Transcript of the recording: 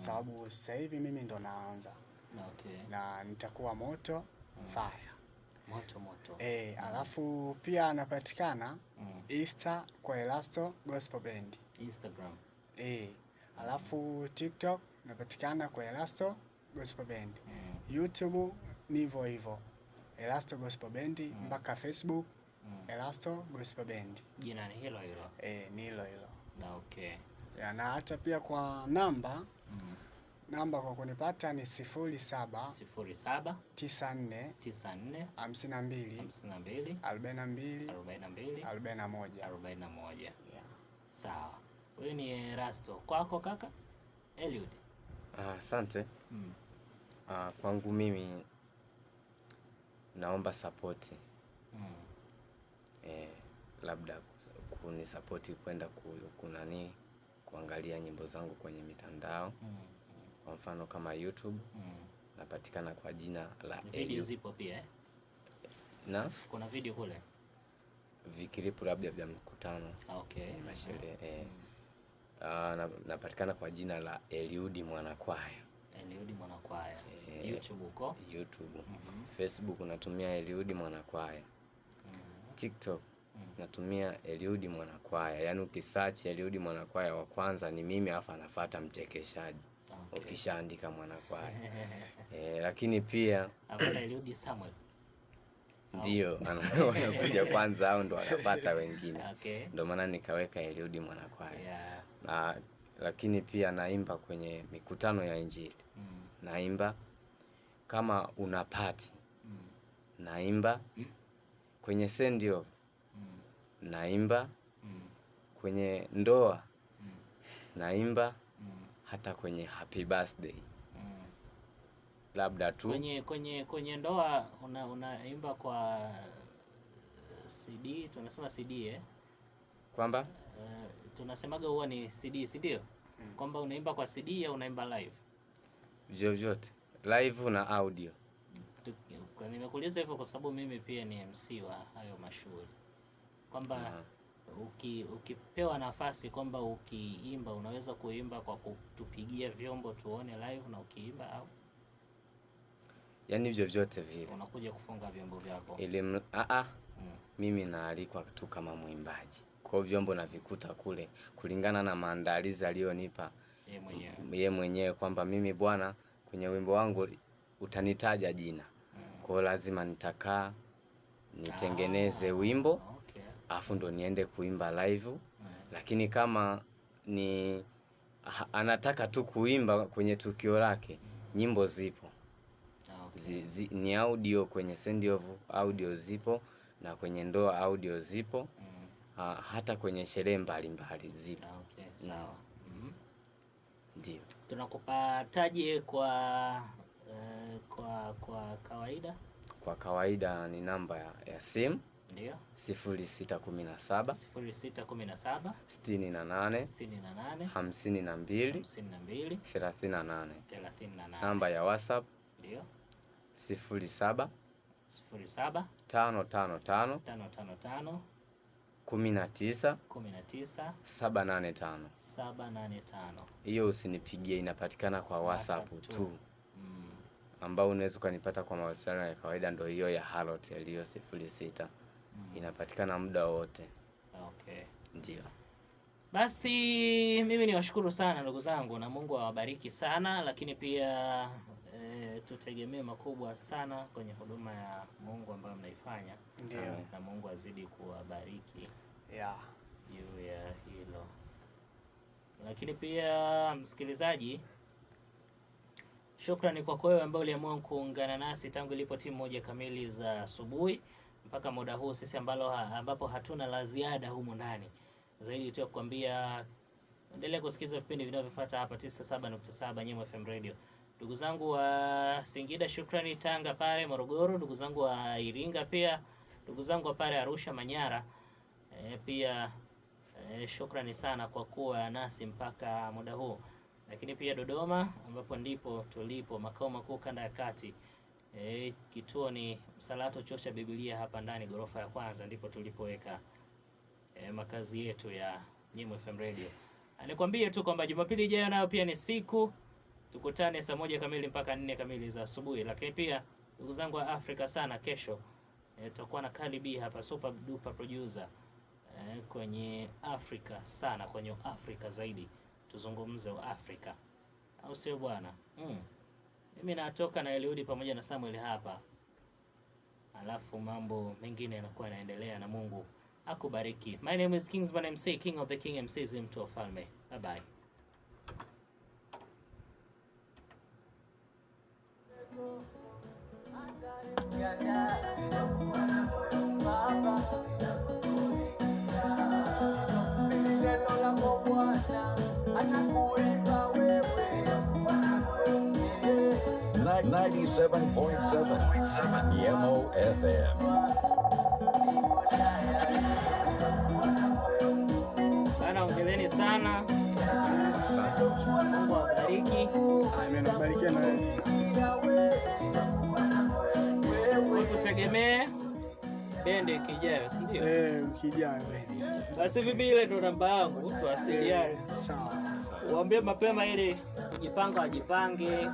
sababu sasa hivi mimi ndo naanza okay. na nitakuwa moto mm. fire moto moto e, mm. alafu pia anapatikana mm. Insta kwa Elasto Gospel Band Instagram e, alafu mm. TikTok napatikana kwa Elasto Gospel Band mm. YouTube nivo hivyo Elasto Gospel Band mm. mpaka Facebook mm. Elasto Gospel Band jina ni hilo hilo e, ni hilo hilo na okay ya, na hata pia kwa namba mm. Namba kwa kunipata ni 07 07 94 94 52 52 42 42 41 41. Sawa, huyu ni Erasto. Kwako kaka Eliud? Ah, asante. Uh, mm. Uh, kwangu mimi naomba sapoti mm. Eh, labda kunisapoti kwenda kunanii kuangalia nyimbo zangu kwenye mitandao mm, mm. Kwa mfano kama YouTube mm. napatikana kwa jina la video zipo pia eh? na kuna video kule vikiripu labda vya mkutano okay. kwenye masherehe mm. eh. Uh, napatikana kwa jina la Eliudi Mwanakwaya. Eliudi Mwanakwaya. eh, YouTube uko? YouTube. Mm -hmm. Facebook unatumia Eliudi Mwanakwaya. Mm -hmm. TikTok natumia Eliudi Mwanakwaya, yaani ukisearch Eliudi Mwanakwaya wa kwanza ni mimi, alafu anafuata mchekeshaji okay. Ukishaandika Mwanakwaya e, lakini pia Eliudi Samuel ndio wanakuja kwanza au ndo wanapata wengine okay. Ndio maana nikaweka Eliudi Mwanakwaya yeah. Na lakini pia naimba kwenye mikutano ya Injili mm. Naimba kama una pati mm. Naimba mm. kwenye sendio naimba mm. kwenye ndoa mm. naimba mm. hata kwenye happy birthday mm. labda tu kwenye kwenye kwenye ndoa una, unaimba kwa CD tunasema CD eh? kwamba uh, tunasemaga huwa ni CD si ndio? mm. kwamba unaimba kwa CD au unaimba live vyovyote live na audio. Mm. Nimekuuliza hivyo kwa sababu mimi pia ni MC wa hayo mashughuli kwamba uki, ukipewa nafasi kwamba ukiimba unaweza kuimba kwa kutupigia vyombo tuone live na ukiimba au yaani vyovyote vile unakuja kufunga vyombo vyako ili a mm. mimi naalikwa tu kama mwimbaji kwa vyombo navikuta kule kulingana na maandalizi aliyonipa ye mwenyewe, ye kwamba mimi bwana kwenye wimbo wangu utanitaja jina mm. kwao lazima nitakaa nitengeneze ah, wimbo alafu ndo niende kuimba live, lakini kama ni anataka tu kuimba kwenye tukio lake, nyimbo zipo okay. zi, zi, ni audio kwenye Send of audio zipo na kwenye ndoa audio zipo mm. Ha, hata kwenye sherehe mbalimbali zipo okay, na mm -hmm. Ndio tunakupataje kwa, uh, kwa kwa kawaida? Kwa kawaida ni namba ya, ya simu ndio. 0617 0617 68 68 52 52 38 38. Namba ya WhatsApp ndio 07 tano tano kumi na tisa saba nane tano. Hiyo usinipigie, inapatikana kwa WhatsApp, WhatsApp tu mm, ambao unaweza ukanipata kwa mawasiliano ya kawaida, ndo hiyo ya Halotel hiyo sifuri sita inapatikana muda wote. Okay, ndio. Basi mimi niwashukuru sana ndugu zangu, na Mungu awabariki sana, lakini pia e, tutegemee makubwa sana kwenye huduma ya Mungu ambayo mnaifanya. Ndio. Na Mungu azidi kuwabariki yeah, juu ya hilo, lakini pia msikilizaji Shukrani kwa wewe ambao uliamua kuungana nasi tangu ilipo timu moja kamili za asubuhi mpaka muda huu sisi ambalo ha, ambapo hatuna la ziada humu ndani zaidi tu kukwambia endelea kusikiliza vipindi vinavyofuata hapa 97.7 Nyimo FM Radio. Ndugu zangu wa Singida, shukrani Tanga pale Morogoro, ndugu zangu wa Iringa pia, ndugu zangu wa pale Arusha, Manyara e, pia e, shukrani sana kwa kuwa nasi mpaka muda huu, lakini pia Dodoma ambapo ndipo tulipo makao makuu kanda ya kati E, kituo ni Msalato Chuo cha Biblia hapa ndani ghorofa ya kwanza ndipo tulipoweka e, makazi yetu ya Nyimo FM Radio. Ah, nikwambie tu kwamba Jumapili ijayo nayo pia ni siku tukutane saa moja kamili mpaka nne kamili za asubuhi, lakini pia ndugu zangu wa Afrika sana, kesho e, tutakuwa na na B hapa super duper producer e, kwenye Afrika sana, kwenye Afrika zaidi tuzungumze wa Afrika, au sio bwana? mm. Mimi natoka na Eliudi pamoja na Samuel hapa, alafu mambo mengine yanakuwa yanaendelea, na Mungu akubariki. My name is Kingsman MC, King of the King MC, mtu wa falme. Bye bye. 97.7 Yamo FM. Bana, ongeleni sana. Mungu awabariki. Amen. Abariki na wewe. Tutegemee bende kijayo, si ndio? Eh, kijayo. Basi vipi, ile ndo namba yangu, tuwasiliane. Eh, sawa. Uambie mapema ili kujipanga wajipange.